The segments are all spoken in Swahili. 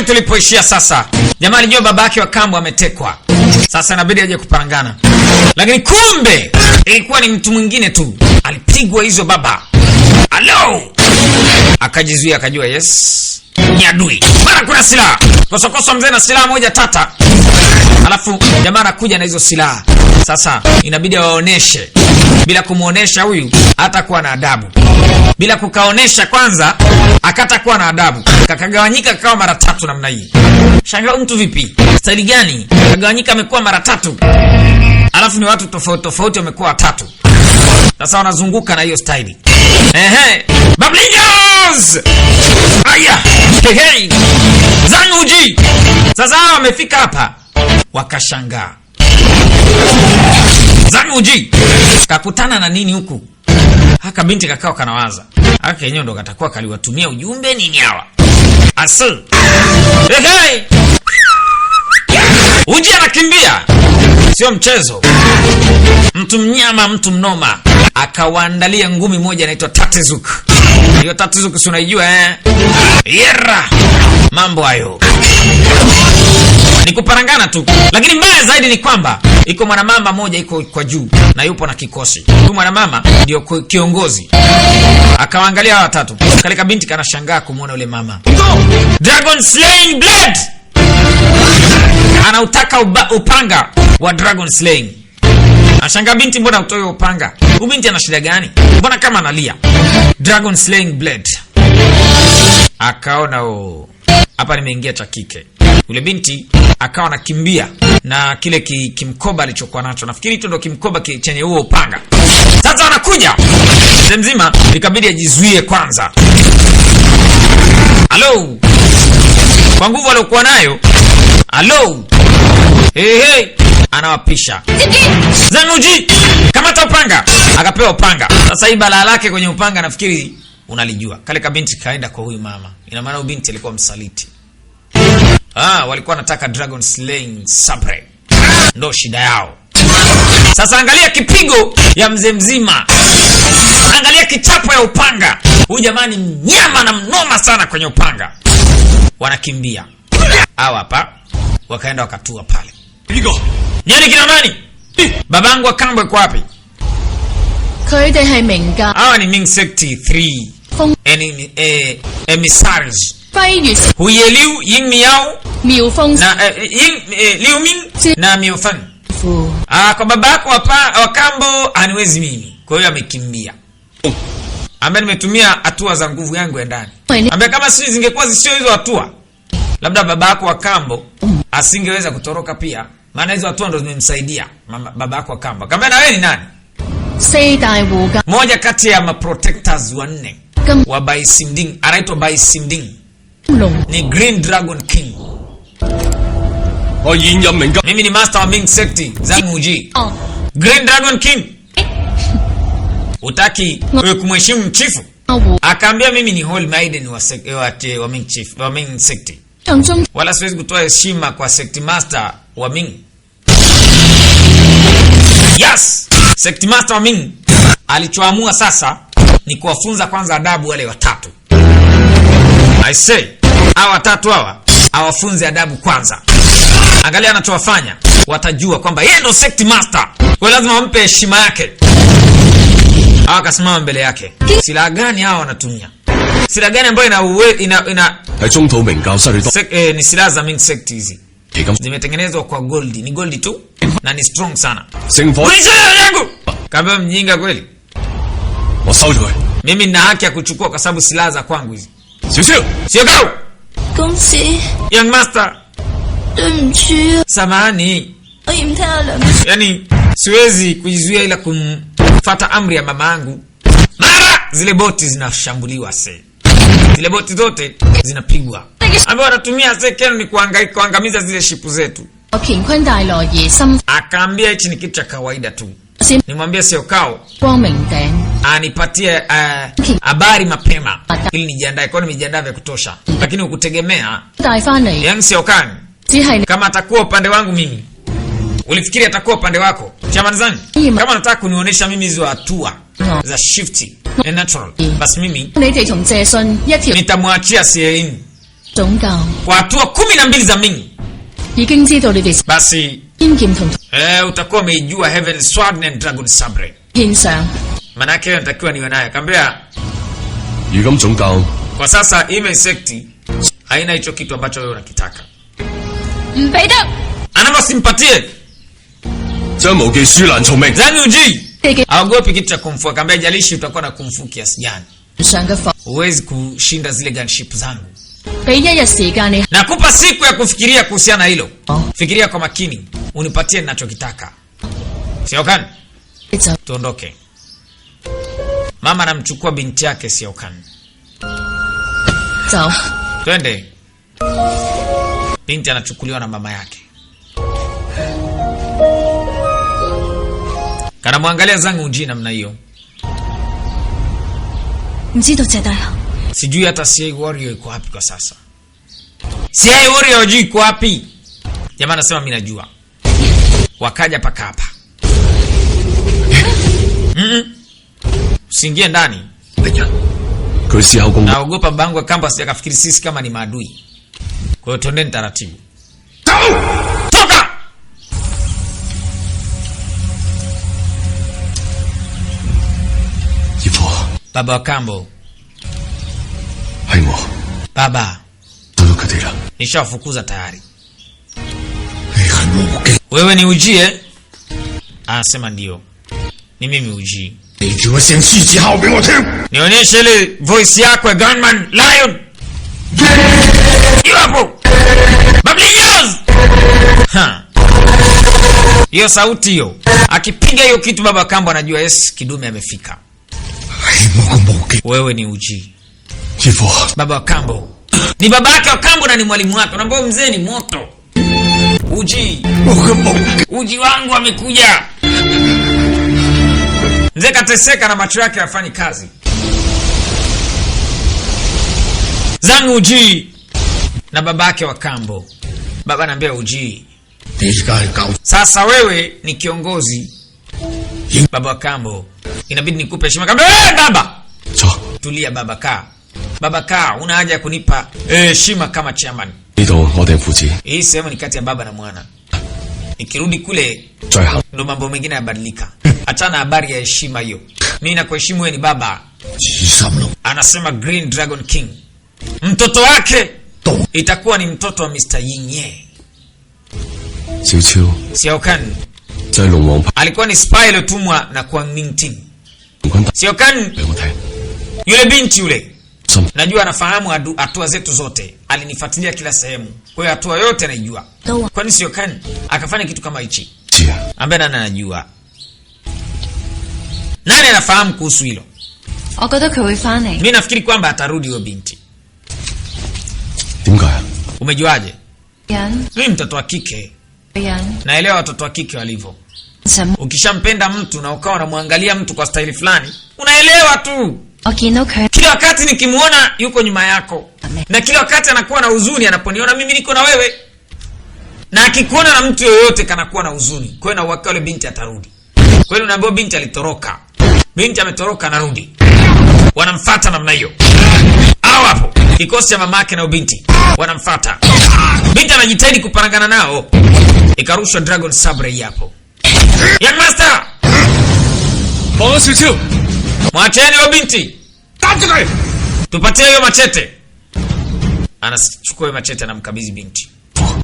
pale tulipoishia sasa. Jamani, alijua babake wa kambo ametekwa, sasa inabidi aje kupangana, lakini kumbe ilikuwa ni mtu mwingine tu alipigwa hizo baba. alo akajizuia, akajua yes ni adui. Mara kuna silaha kosokoso, mzee na silaha moja tata, alafu jamaa anakuja na hizo silaha. Sasa inabidi awaoneshe bila kumwonyesha huyu hatakuwa na adabu, bila kukaonesha kwanza akatakuwa na adabu, kakagawanyika kakawa mara tatu namna hii. Shangaa mtu vipi, staili gani? Kagawanyika amekuwa mara tatu, alafu ni watu tofauti tofauti wamekuwa watatu. Sasa wanazunguka na hiyo staili. Ehe, Bablingas aya hehe zanguji. Sasa wamefika hapa wakashangaa Zanu uji kakutana na nini huku? Haka binti kakao kanawaza, haka yenyewe ndo katakuwa kaliwatumia ujumbe nini hawa asu eh, uji anakimbia, sio mchezo, mtu mnyama, mtu mnoma. Akawaandalia ngumi moja inaitwa Tatizuk. Hiyo Tatizuk si unaijua eh? Yera, mambo hayo ni kuparangana tu, lakini mbaya zaidi ni kwamba iko mwanamama moja iko kwa juu na yupo na kikosi. Huyu mwanamama ndio kiongozi. Akawaangalia hawa watatu, kaleka binti kanashangaa kumwona yule mama Dragon slaying Blood anautaka upanga wa dragon slaying. Anashangaa binti, mbona utoe upanga? Huyu binti ana shida gani? Mbona kama analia? Dragon slaying Blood. Akaona o, oh, hapa nimeingia cha kike. Yule binti akawa anakimbia na kile ki, kimkoba alichokuwa nacho, nafikiri hicho ndo kimkoba ki, chenye huo upanga. Sasa anakuja mzee mzima, ikabidi ajizuie kwanza. Halo, kwa nguvu aliokuwa nayo. Halo, hey, hey. Anawapisha Zanuji, kamata upanga, akapewa upanga. Sasa hii balaa lake kwenye upanga nafikiri unalijua. Kale kabinti kaenda kwa huyu mama, ina maana huyu binti alikuwa msaliti. Ah, walikuwa wanataka Dragon Slaying Sabre. Ndo shida yao. Sasa angalia kipigo ya mzee mzima, angalia kichapo ya upanga. Huyu jamani, mnyama na mnoma sana kwenye upanga. Wanakimbia hawa hapa, wakaenda wakatua pale. Nyani kina nani? Babangu akambwe kwa wapi? Hawa ni Ming Sekti 3 Eni, eh, eh, emissaries 飛越胡夜撩影苗妙峰 na eh, eh, ah, nimetumia hatua za nguvu yangu ya ndani, ambaye kama zingekuwa zisio hizo hatua, labda baba yako wa kambo asingeweza kutoroka pia, maana hizo hatua ndo zimemsaidia baba yako wa kambo. Kama na wewe ni nani? Moja kati ya maprotectors wanne wa baisimding anaitwa baisimding ni Green Dragon King. Mimi ni master wa Ming Sect zangu uji. Ah. Green Dragon King. Eh. Utaki kumheshimu mchifu? Ah, Akaambia mimi ni Holy Maiden wa sect wa Ming chief, wa Ming Sect. Wala siwezi kutoa heshima kwa sect master wa Ming. Yes. Sect master wa Ming alichoamua sasa ni kuwafunza kwanza adabu wale watatu. I say hawa watatu hawa awafunze adabu kwanza. Angalia anachowafanya, watajua kwamba yeye ndo sect master, kwa lazima wampe heshima yake. Hawa kasimama mbele yake, silaha gani hawa wanatumia? Silaha gani ambayo ina ina ina eh, ni silaha za Ming sect hizi eh, zimetengenezwa kwa gold, ni gold tu na ni strong sana. Kama mjinga kweli, mimi nina haki ya kuchukua kwa sababu silaha za kwangu hizi sio sio sio 公子，young master，對唔住啊，samahani, 我 mtala, yani siwezi kujizuia ila kumfata amri ya mama yangu. Mara zile boti zinashambuliwa se, zile boti zote zinapigwa, ambao wanatumia se kenu ni kuangamiza zile shipu zetu. Akaambia hichi ni kitu cha kawaida tu. Nimwambie sio kao anipatie eh, habari uh, mapema ili nijiandae, kwani nimejiandaa vya kutosha, lakini ukutegemea yani sio kan kama atakuwa upande wangu mimi, ulifikiri atakuwa upande wako chamanzani? Kama nataka kunionyesha mimi hizo hatua za shifti na natural, basi mimi nitamwachia Siein kwa hatua kumi na mbili za mingi basi Eh, utakuwa umeijua Heaven Sword and Dragon Sabre. Manake natakiwa niwe naye. Kaambia. Kwa sasa hii insect haina hicho kitu ambacho wewe unakitaka. Mpenda. Anama simpatie. Jamu ge shu lan chong meng. Zanyu ji. Haogopi kitu cha kumfua. Kaambia jalishi utakuwa na kumfu kiasi gani. Uwezi kushinda zile gunship zangu. Nakupa siku ya kufikiria kuhusiana hilo. Oh. Fikiria kwa makini unipatie ninachokitaka. Siokan, tuondoke. Mama anamchukua binti yake Siokan, twende. Binti anachukuliwa na mama yake, kanamwangalia zangu njii namna hiyo, sijui hata si Warrior iko wapi kwa sasa. Warrior wario iko wapi? Jamaa anasema mimi najua wakaja paka hapa mm -mm. Usiingie ndani, naogopa bangu ya campus akafikiri sisi kama ni maadui. Kwa hiyo twendeni taratibu. Baba wa kambo, baba nishawafukuza tayari wewe ni ujie? Anasema ndio, ni mimi uji. Nionyeshe ile voice yako ya gunman lion. Ha. Hiyo sauti hiyo, akipiga hiyo kitu, baba kambo anajua yes, kidume amefika. Wewe ni uji. Baba kambo ni babake wa kambo na ni mwalimu wake. Unaambia mzee ni moto Uji uji wangu amekuja. Mzee kateseka na macho yake hayafanyi kazi. Zangu uji na baba ake wa kambo. Baba anaambia uji, sasa wewe ni kiongozi. Baba wa kambo, inabidi nikupe heshima. Eh, baba tulia, baba kaa. Baba kaa, una haja ya kunipa eh, heshima eh, kama chairman hii sehemu ni kati ya baba na mwana. Nikirudi kule ndo mambo mengine yabadilika. Achana habari ya heshima hiyo, mimi nakuheshimu wewe ni baba. Anasema Green Dragon King mtoto wake itakuwa ni mtoto wa Mr. Yinye. Xiao Kan alikuwa ni spy aliyotumwa na Kuang Mingting. Xiao Kan yule binti yule Najua anafahamu hatua zetu zote, alinifuatilia kila sehemu, kwa hiyo hatua yote anaijua. Kwani sio kani akafanya kitu kama hichi? Yeah. Ambaye nani anajua, nani anafahamu kuhusu hilo? Mimi nafikiri kwamba atarudi huyo binti. Umejuaje? Mimi mtoto wa kike naelewa watoto wa kike walivyo. Ukishampenda mtu na ukawa unamwangalia mtu kwa staili fulani, unaelewa tu. Okay, Kila wakati nikimwona yuko nyuma yako, Amen. na kila wakati anakuwa na huzuni anaponiona mimi niko na wewe, na akikuona na mtu yoyote kanakuwa na huzuni. Kwa hiyo na uhakika yule binti atarudi. Kwa hiyo unaambiwa binti alitoroka, binti ametoroka, anarudi, wanamfuata namna hiyo. au hapo kikosi cha mamake na ubinti wanamfuata, binti anajitahidi kuparangana nao, ikarushwa dragon sabre hapo, young master Mwacheni wa binti, tupatie hiyo machete. Anachukua hiyo machete, na anamkabidhi binti.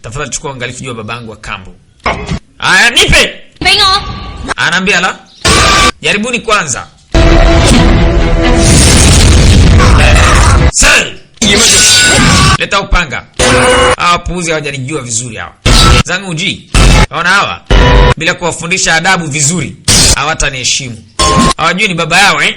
Tafadhali chukua angalifu, jua babangu wa kambo. Oh. Aya, nipe. Anaambia la, jaribuni kwanza Leta upanga. Hawa puuzi hawajanijua vizuri hawa. Zangu uji. Ona hawa bila kuwafundisha adabu vizuri hawataniheshimu hawajui ni baba yao eh?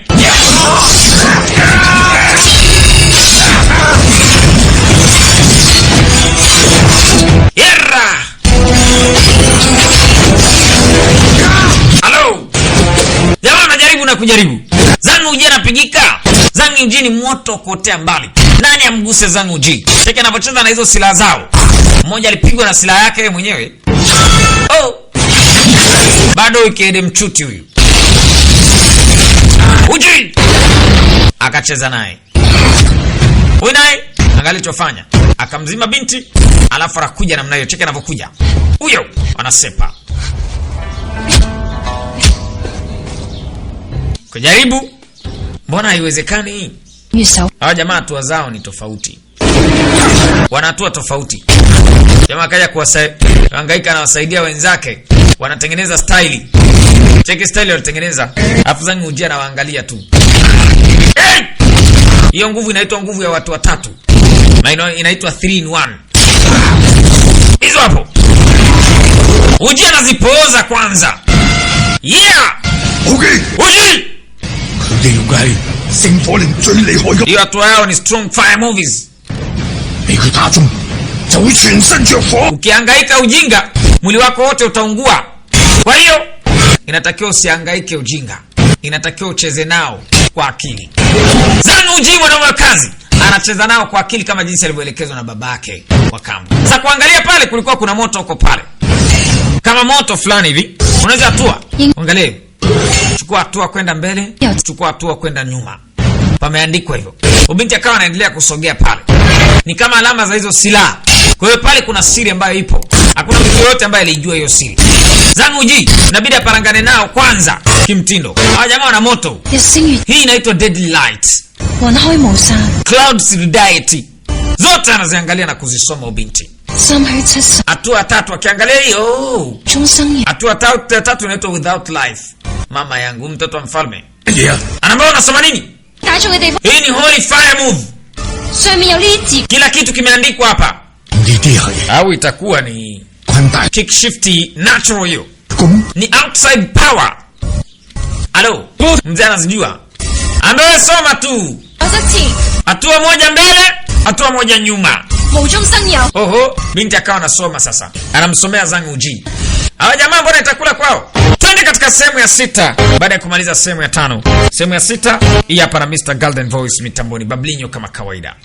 kujaribu zangu na kujaribu. zangu anapigika. ni moto kotea mbali. Nani amguse uji Cheki anapocheza na hizo silaha zao. Mmoja alipigwa na silaha yake mwenyewe. Oh. Bado ikiende mchuti huyu akacheza naye huyu naye angalichofanya akamzima binti, alafu anakuja namna hiyo. Cheke anavyokuja huyo, anasepa kujaribu, mbona haiwezekani? Hawa jamaa hatua zao ni tofauti, wanahatua tofauti. Jamaa kuwasa angaika anawasaidia wenzake, wanatengeneza staili Cheki style alitengeneza, afu zangu ujia na waangalia tu. Hiyo nguvu inaitwa nguvu ya watu watatu, na inaitwa 3 in 1. Hizo hapo ujia na zipoza kwanza. Yeah, okay. Uji hiyo hatua yao ni strong fire movies. tatu. Ukihangaika ujinga, mwili wako wote utaungua. Kwa hiyo Inatakiwa usihangaike ujinga, inatakiwa ucheze nao kwa akili. Zanujii mwanaume wa kazi anacheza nao kwa akili kama jinsi alivyoelekezwa na baba babake Wakamba. Sasa kuangalia pale, kulikuwa kuna moto huko pale, kama moto fulani hivi, unaweza hatua, angalia, chukua hatua kwenda mbele, chukua hatua kwenda nyuma, pameandikwa hivyo. Ubinti akawa anaendelea kusogea pale, ni kama alama za hizo silaha. Kwa hiyo pale kuna siri ambayo ipo. Hakuna mtu yoyote ambaye alijua hiyo siri. Zanguji inabidi aparangane nao kwanza kimtindo. Hawa jamaa wana moto. Hii inaitwa deadly light. Clouds diet. Zote anaziangalia na kuzisoma ubinti Hatua tatu akiangalia hiyo. Oh. Hatua tatu tatu inaitwa without life. Mama yangu mtoto wa mfalme. Yeah. Anaambia unasoma nini? Hii ni holy fire move. Kila kitu kimeandikwa hapa. Au itakuwa ni percentage. Kick shifty natural hiyo. Ni outside power. Alo, mzee anazijua. Andoe soma tu. Hatua moja mbele, hatua moja nyuma. Oho, binti akawa anasoma sasa. Anamsomea Zhang Uji. Hawa jamaa mbona itakula kwao? Twende katika sehemu ya sita baada ya kumaliza sehemu ya tano. Sehemu ya sita hii hapa na Mr. Golden Voice mitamboni Bablinyo kama kawaida.